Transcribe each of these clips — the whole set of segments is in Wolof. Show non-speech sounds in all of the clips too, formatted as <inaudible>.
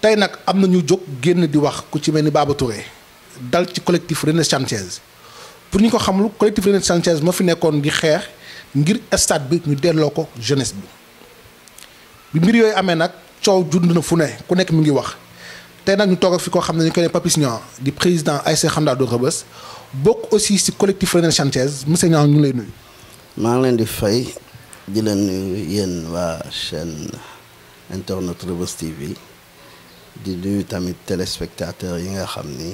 tay nak amna ñu jog génn di wax ku ci mel ni Touré dal ci collectif Renaissance pour ñu ko lu collectif Renaissance ma fi nekkoon di xeex ngir stade bi ñu délo ko jeunesse bi bi mbir yoy amé nak ciow jund na fune ku nekk mi ngi wax tay nak ñu toog fi ko xam na ñu koy Papis di président khamda do Rebeuss Bok aussi ci collectif Renaissance monsieur Niang ñu lay nuyu. ma ngi len di fay di len nuyu yéen chaîne internet Rebeuss TV di nuyu tamit téléspectateurs yi nga xam ni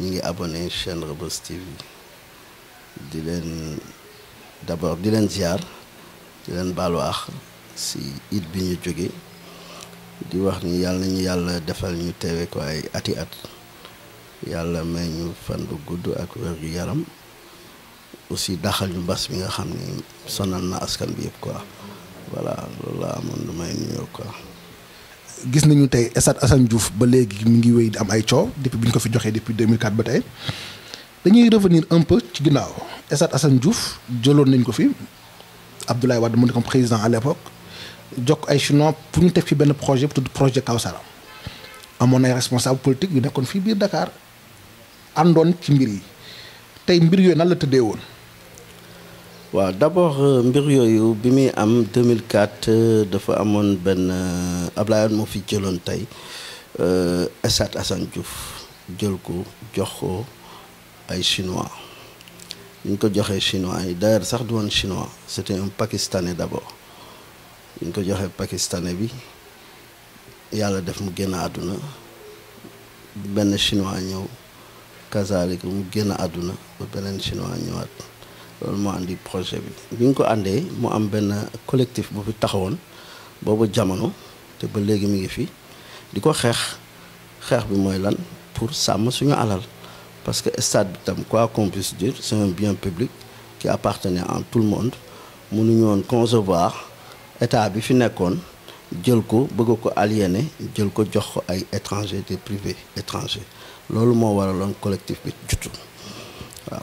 ñi ngi abonné chaîne Rebeuss TV di leen d'abord di leen ziar di leen baalu àq si it bi ñu jóge di wax ni yalla ñu yalla defal ñu téwé ko ay ati at yàlla may ñu fan bu gudd ak wér gu yaram aussi daxal ñu mbas bi nga xamni sonal na askan bi yëpp quoi voilà loolu la amoon lu quoi. gis nañu tey Stade assan Diouf ba léegi mu ngi wéy di am ay coow depuis bi ñu ko fi joxee depuis 2004 ba tey dañuy revenir un ci ginnaaw Stade assan Diouf joloon nañ ko fi Abdoulaye Wade mu nekkoon président à l'époque jokk ay chinois pour ñu teg fi benn projet bu tudd projet Kawsara amoon ay responsable politique yu nekkoon fii biir Dakar àndoon ci mbir yi tey mbir yooyu nan la tëddee woon. waaw d'abord euh, mbir yooyu bi am 2004 euh, dafa fois amon ben euh, ablayan fi jëloon tey Esat Assane Diouf jël ko jox ko ay chinois ñu ko chinois d'ailleurs sax du chinois c'était un pakistanais d'abord ñu ko joxee pakistanais bi yalla def mu génn aduna. Ben chinois ñëw kazaalika mu génn aduna. ba beneen chinois ñëwaat loolu andi projet bi bi ñu ko am collectif bu fi taxawoon boobu jamono te ba léegi mi ngi fi di ko xeex bi lan pour sàmm suñu alal parce que stade bi tam quoi qu'on puisse dire c'est un bien public qui appartenait à tout le monde mënuñu woon concevoir état bi fi nekkoon jël ko bëgg ko aliéné jël ko jox ko ay étrangers des privés étrangers loolu moo waraloon collectif bi jutu waaw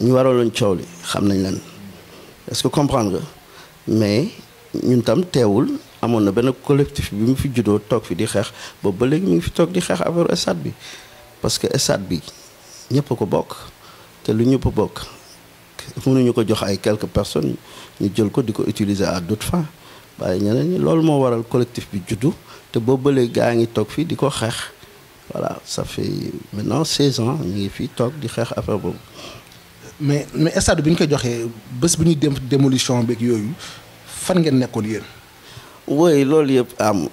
Nous avons des est-ce que comprendre comprenez mais nous sommes teewul nous avons un collectif qui mu fi juddoo qui fi di parler nous fait du avec fi parce que stade bi nous ko gens te lu faire. quelques personnes qui jël à d'autres fins collectif voilà ça fait maintenant 16 ans nous mais mais stade biñ ko joxé bëss bés bu ñuy dem démolition beeg yooyu fan ngeen nekkoon yeen woy loolu yëpp am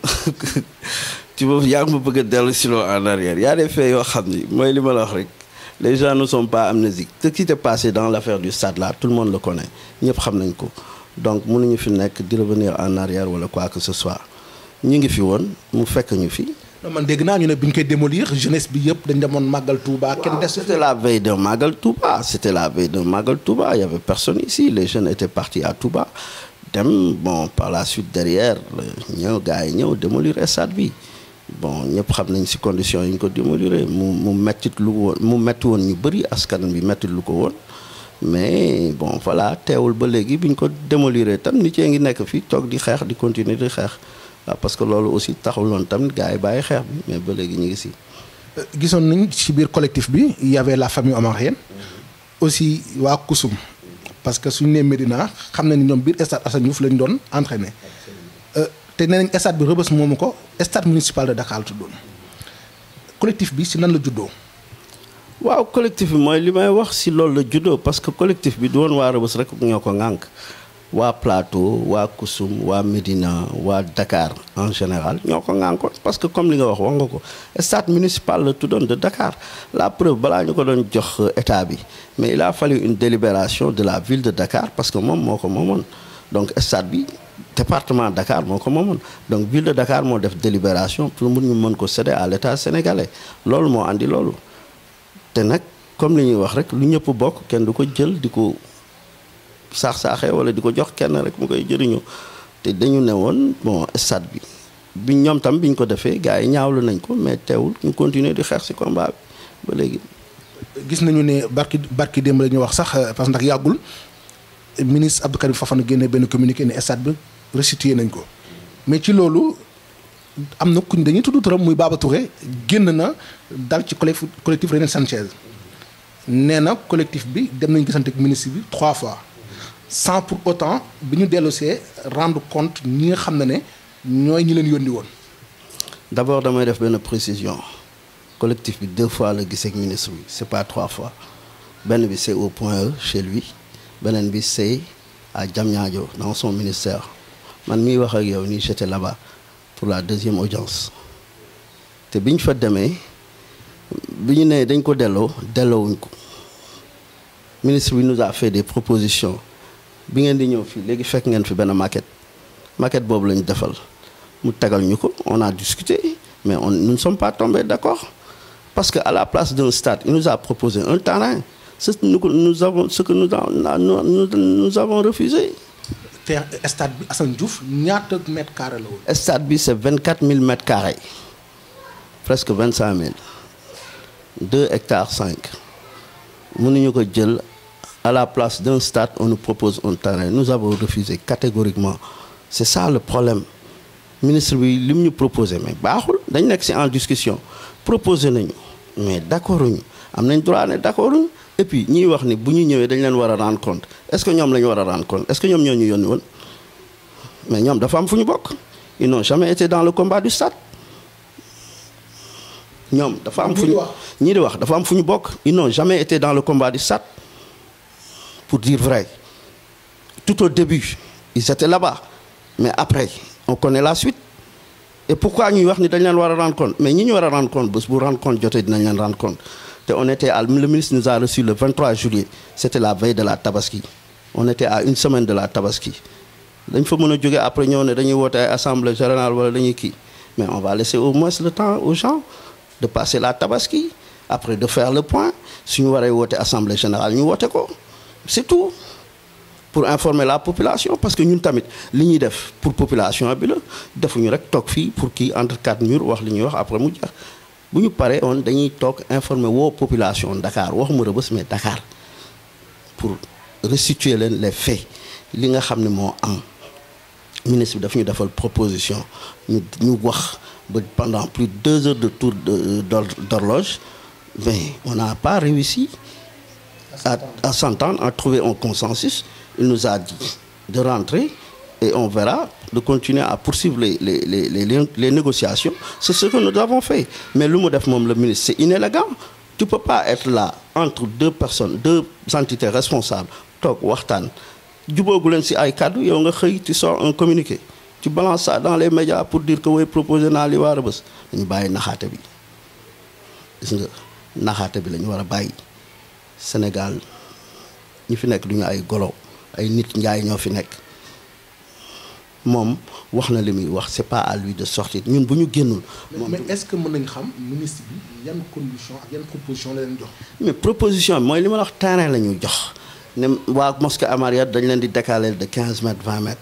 ci <laughs> boobu yaa ngi ma bëgg a dellu en arrière y a des faits yoo xam ni li ma la wax rek les gens ne sont pas amnésiques ce qui s'est passé dans l'affaire du stade là tout le monde le connaît ñëpp xam nañ ko donc mënuñu fi nekk di revenir en arrière wala quoi que ce soit ñi ngi fi woon mu fekk ñu fi man dégg naa ñu ne buñ ñu koy démolir jeunesse bi yëpp dañ demoon Magal Touba. kenn des c'était la veille de Magal Touba c'était la veille de Magal Touba il y avait personne ici les jeunes étaient partis à Touba dem bon par la suite derrière ñëw gars yi ñëw démolir stade bi bon ñëpp xam nañ ci condition yi ñu ko démoliré mu mu mettit lu woon mu metti woon ñu bëri askan bi metti lu ko woon mais bon voilà teewul ba léegi bi ñu ko démoliré tam nit yee ngi nekk fii toog di xeex di continuer di xeex. waaw parce que loolu aussi taxul loon tamit gars yi bàyyi xeex bi mais ba léegi ñu ngi si. gisoon nañ ci biir collectif bi y avait la famille omarienne aussi waa Kusum parce que suñu nee Medina xam na ñoom biir stade Assane Diouf lañ doon entraîné euh, te nee nañ stade bi Rebeuss moomu ko stade municipal da Dakar la tuddoon collectif bi si nan la juddoo. waaw collectif bi mooy li may wax si loolu la juddoo parce que collectif bi du woon waa Rebeuss rek ñoo ko ŋànk. à Plateau wa Kusum wa medina à Dakar en général parce que comme li nga wax wa nga municipal tout donne de Dakar la preuve voilà, ñu ko avons jox état mais il a fallu une délibération de la ville de Dakar parce que mom moko ko donc stade bi département Dakar moko ko donc ville de Dakar mo def délibération pour le monde mën ko céder à l'état sénégalais C'est ce andi loolu té nak comme li ñuy wax rek lu ñëpp bok kenn du ko jël diko saax-saaxee wala di ko jox kenn rek mu koy jëriñoo te dañu ne woon bon stade bi bi ñoom tam biñ ko defee gars yi ñaawlu nañ ko mais teewul ñu continuer di xeex si combat bi ba léegi gis nañu ne barki barki démb la ñu wax sax euh, parce que ndax yàggul ministre Abdou Karim Fofana génne benn communiqué ne stade bi restitué nañ ko mais ci loolu am na kuñ dañuy tudd trop muy Baba Touré génn na dal ci collectif collectif René Sanchez nee na collectif bi dem nañ gisante ak ministre bi trois fois sans pour autant biñu ñu rendre compte ñi nga xamné ne ne ñi leen yondi won d'abord damay def ben précision collectif bi deux fois le gisee ak ministre bi c'est pas trois fois benn bi c'est au point e, chez lui benen bi c'est à Diamniadio dans son ministère man mi wax ak yow nii j'étais là-bas pour la deuxième audience té biñ fa démé biñu né dañ ko delloo delloowuñ ko ministre bi nous a fait des propositions on a discuté, mais nous ne sommes pas tombés d'accord. Parce qu'à la place d'un stade, il nous a proposé un terrain. ce que nous, avons refusé. Le stade c'est 24 000 mètres carrés. Presque 25 000. 2 hectares 5. Nous avons à la place d'un stade, on nous propose un terrain. Nous avons refusé catégoriquement. C'est ça le problème. Le ministre, lui, lui nous proposait, mais bah, c'est en discussion. Proposez nous mais d'accord, nous avons droit d'accord. Et puis, nous avons dit, si nous devons rendre compte, est-ce que nous devons rendre compte Est-ce que nous devons nous Mais nous avons des femmes Ils n'ont jamais été dans le combat du stade. Nous avons des femmes Ils n'ont jamais été dans le combat du stade pour dire vrai. Tout au début, ils étaient là-bas. Mais après, on connaît la suite. Et pourquoi nous avons dit que nous rendre compte Mais nous devons rendre compte, parce que nous rendre compte, nous rendre compte. On était le ministre nous a reçus le 23 juillet. C'était la veille de la Tabaski. On était à une semaine de la Tabaski. Il faut que après nous avons une assemblée générale. Mais on va laisser au moins le temps aux gens de passer la Tabaski, après de faire le point. Si nous avons une l'assemblée générale, nous avons c'est tout pour informer la population parce que ñun tamit li def pour population bi la defuñu rek tok fi pour qui entre quatre murs wax li ñuy wax après mu jeex buñu paré on dañuy tok informer wo population Dakar waxuma Rebeuss mais Dakar pour restituer len les faits li nga xam mo am ministre bi daf ñu defal proposition ñu ñu wax pendant plus de deux heures de tour d'horloge mais on n'a pas réussi à, s'entendre, à trouver un consensus. Il nous a dit de rentrer et on verra de continuer à poursuivre les, les, négociations. C'est ce que nous avons fait. Mais le mot le ministre, c'est inélégant. Tu ne peux pas être là entre deux personnes, deux entités responsables, tu sors un communiqué. Tu balances ça dans les médias pour dire que Nous Sénégal ñi fi nekk duñu ay golo ay nit njaay ñoo fi nekk moom wax na li wax c'est pas à lui de sortir ñun bu ñu génnul. moom mais est-ce que mën nañ xam ministre bi yan condition ak yan proposition la leen jox. mais proposition mooy li ma la wax terrain la ñu jox ne waa mosquée Amaria dañ leen di décaler de 15 mètres 20 mètres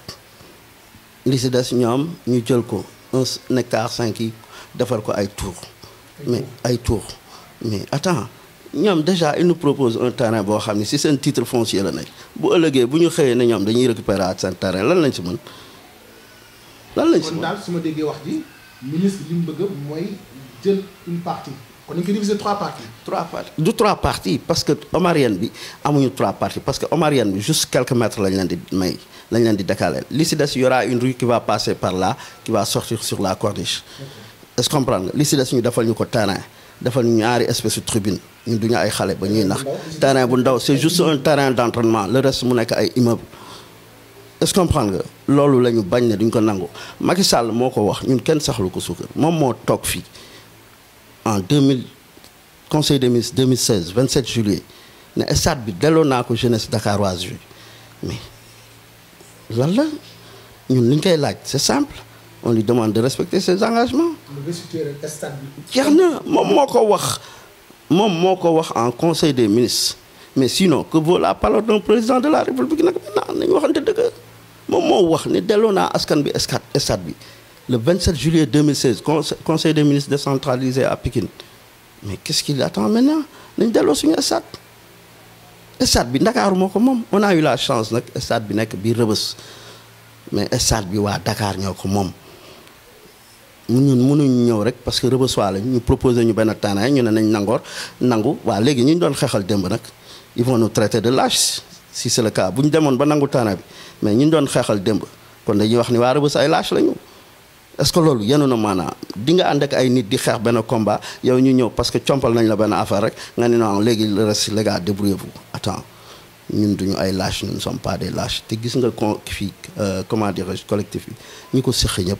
li si des ñoom ñu jël ko un hectare 5 yi defar ko ay tour mais ay tour mais attends ñoom déjà ils nous proposent un terrain bo xamni si c'est un titre foncier la nekk bu ëllëgee bu ñu xëyee ne ñoom dañuy récupérer ak seen terrain lan lañ ci mën lan lañ ci mën dal suma su wax di ministre li mu bëgg moy jël une partie on dañ divisé diviser trois parties. trois parties du trois parties parce que Omarienne bi amuñu trois parties parce que Omarienne bi juste quelques mètres lañ lan di may lañ lan di décaler li si des y aura une rue qui va passer par là qui va sortir sur la corniche. est-ce qu'on comprendre nga li si des ñu defal ñu terrain dafal ñu ñaari espèce de tribune ñun duñu ay xalé ba ñuy nax terrain bu ndaw c'est juste un terrain d'entraînement le reste mu nek ay immeuble est-ce que comprendre nga loolu la bañ ne duñ ko nangu Macky Sall moko wax ñun kenn saxlu ko suukar moom mo tok fi en 2000 conseil des ministres 2016 27 juillet ne stade bi delo na ko jeunesse dakaroise bi mais lan ñun li ñu koy laaj c'est simple on lui demande de respecter ses engagements. le stade bi moom moo moko wax je suis en conseil des ministres mais sinon que vaut la parole d'un président de la république Je maintenant nañu waxante de moom wax askan le 27 juillet 2016 conseil des ministres décentralisé à Pékin. mais qu'est-ce qu'il attend maintenant Nous avons suñu stade bi Dakar moko on a eu la chance nak stade bi bi mais stade bi wa Dakar ñoko ñun mënuñu ñëw rek parce que rëbësois lañ ñu proposé ñu benn tànnaay ñu ne nañ nangoor nangu waa léegi ñu doon xeexal démb nag ils vont nous traité de lâches si c'est bu ñu demoon ba nangu taana bi mais ñu doon xeexal démb kon dañuy wax ni waa rëbës ay lâches lañu. est-ce que loolu yenu na maanaam di nga ànd ak ay nit di xeex benn combat yow ñu ñëw parce que compal nañ la benn affaire rek nga ne non léegi le reste les gars débrouillez-vous attends ñun duñu ay lâches ñun ne des lâches te gis nga con fii euh, comment dirais-je collectif bi ñu ko séq ñëpp.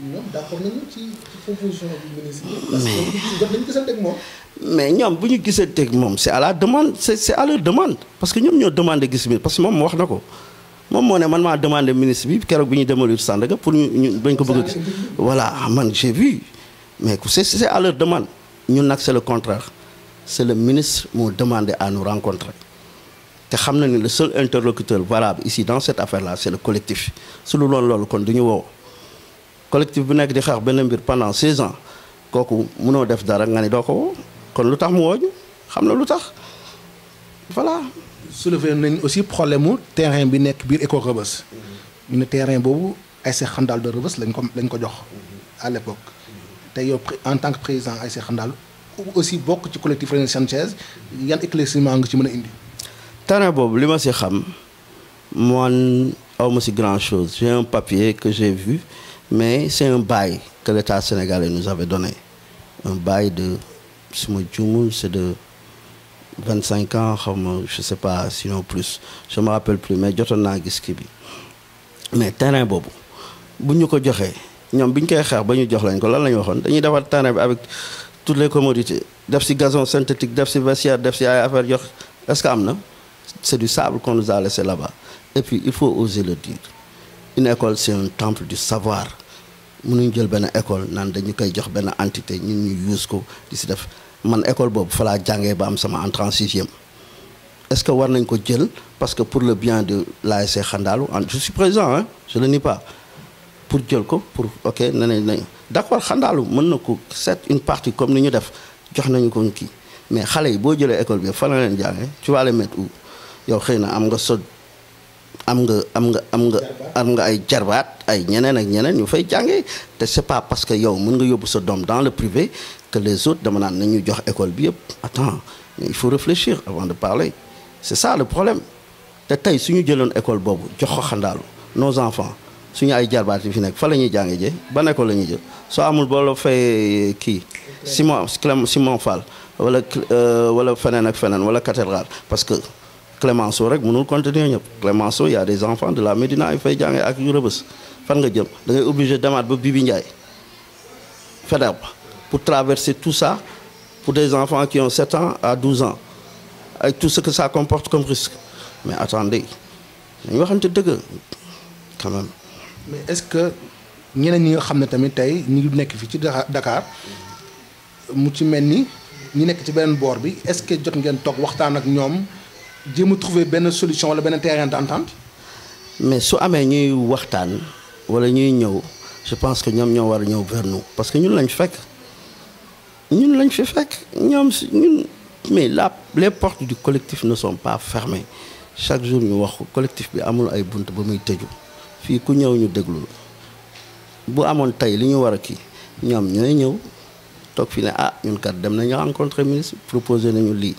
Non, d'accord nañu ci proposition du ministre. mais nous, bu ñu gisanteeg moom c'est à la demande c'est à leur demande parce que nous, ñoom ñoo demandé gis ministre. parce que moi, wax na ko Moi, moo ne man demandé ministre bi keroog bi ñuy démolir Sandaga pour ñu ñu bañ ko bëgg voilà ah, man j'ai vu mais c'est c'est à leur demande Nous, nag c'est le contraire c'est le ministre nous demandé à nous rencontrer. te xam na ni le seul interlocuteur valable ici dans cette affaire là c'est le collectif C'est ce loolu kon du collectif bi nek di xeex benn bir pendant 16 ans koku mënoo def dara nga ni doo kon lutax tax mu wooñu xam na voilà. soulever nañ aussi problème terrain bi nek bir éco Rebeuss ñu ne terrain ay sé Xandalu de Rebeuss lañ ko lañ ko jox à l'époque tay yo en tant que président ay sé Xandalu aussi bok ci collectif René Sanchez yan éclaircissement nga ci mëna indi. terrain bobu li ma si xam man aw ma ci grand chose j'ai un papier que j'ai vu. Mais c'est un bail que l'État sénégalais nous avait donné. Un bail de, c'est de 25 ans, je ne sais pas, sinon plus. Je ne me rappelle plus, mais j'ai qu'il Mais terrain bobo. Si nous avons koy jox lañ ko lan dañuy terrain avec toutes les commodités gazon synthétique est-ce que c'est du sable qu'on nous a laissé là-bas et puis il faut oser le dire une école c'est un temple du savoir mënuñ jël ben école nan dañu koy jox ben entité ñun ñu use ko di def man école bob fa laa jàngee ba am sama entrée en sixième est-ce que war nañ ko jël parce que pour le bien de l'ASC Khandalou je suis présent hein je le nie pas pour jël ko pour ok ne nañ nañ d'accord Khandalou mën na ko c'est une partie comme ni ñu def jox nañ ko mais xalé bo jël école bi fan la leen jangé tu vas les mettre où yow xeyna am nga sa am nga ay ay ñeneen ak ñeneen ñu c'est pas parce que yow mën nga dans le privé que les autres dama naan école attends il faut réfléchir avant de parler c'est ça le problème te tey suñu jëloon école nos enfants suñu ay jarbaat fi nekk fa la ñuy jàngee jee ban école la ñuy amul eh, Simon Simon Fall wala euh, wala feneen ak feneen wala cathédrale parce que Clémenceau rek mënul continuer Clémenceau y a des enfants de la Médina ay fay jangé ak yu rëbës fan nga jëm da ngay obligé demaat ba Bibi Ndiaye FEDERB pour traverser tout ça pour des enfants qui ont 7 ans à 12 ans avec tout ce que ça comporte comme risque mais attendez ñu waxante deug quand même. mais est-ce que ñeneen ñi nga xamné tamit tay ñi nekk fi ci Dakar mu ci melni ñi nekk ci benen bor bi est-ce que jot ngeen tok waxtaan ak ñom jéem trouver solution ou un terrain d'entente mais si je pense que nous devons nous parce que nous, nous fekk nous Nous, mais les portes du collectif ne sont pas fermées chaque jour nous Le collectif bi amul ay ba nous nous ku ñëw ñu Nous bu nous nous li ñu nous Nous kii Nous nous ñëw Nous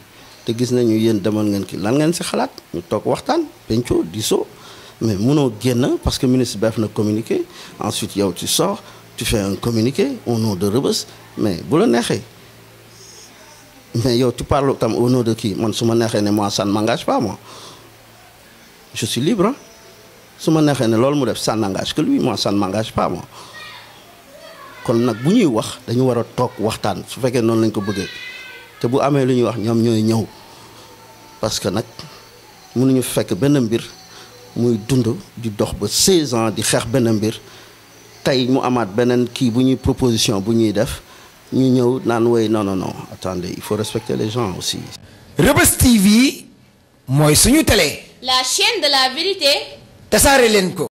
te gis nañu yeen demal ngeen ki lan ngeen ci xalaat ñu toog waxtaan penco diso mais mënoo génn parce que ministre bi def na communiqué ensuite yow tu sors tu fais un communiqué au nom de Rebeuss mais bu la neexee mais yow tu parles tam au nom de qui man su ma neexee ne moi ça ne m'engage pas moi je suis libre hein. su ma neexee ne loolu mu def ça n'engage que lui moi ça ne m'engage pas moi kon nag bu ñuy wax dañu war a toog waxtaan su fekkee noonu lañ ko bëggee te bu amee lu ñuy wax ñoom ñooy ñëw parce que nous mënuñu fekk benn mbir muy dund di dox ba 16 ans di xex benn mbir tey mu amaat beneen kii bu ñuy proposition bu ñuy def ñu ñëw naan way non non non attendez il faut respecter les gens aussi. Rebus TV mooy suñu télé. la chaîne de la vérité. tasaare leen ko.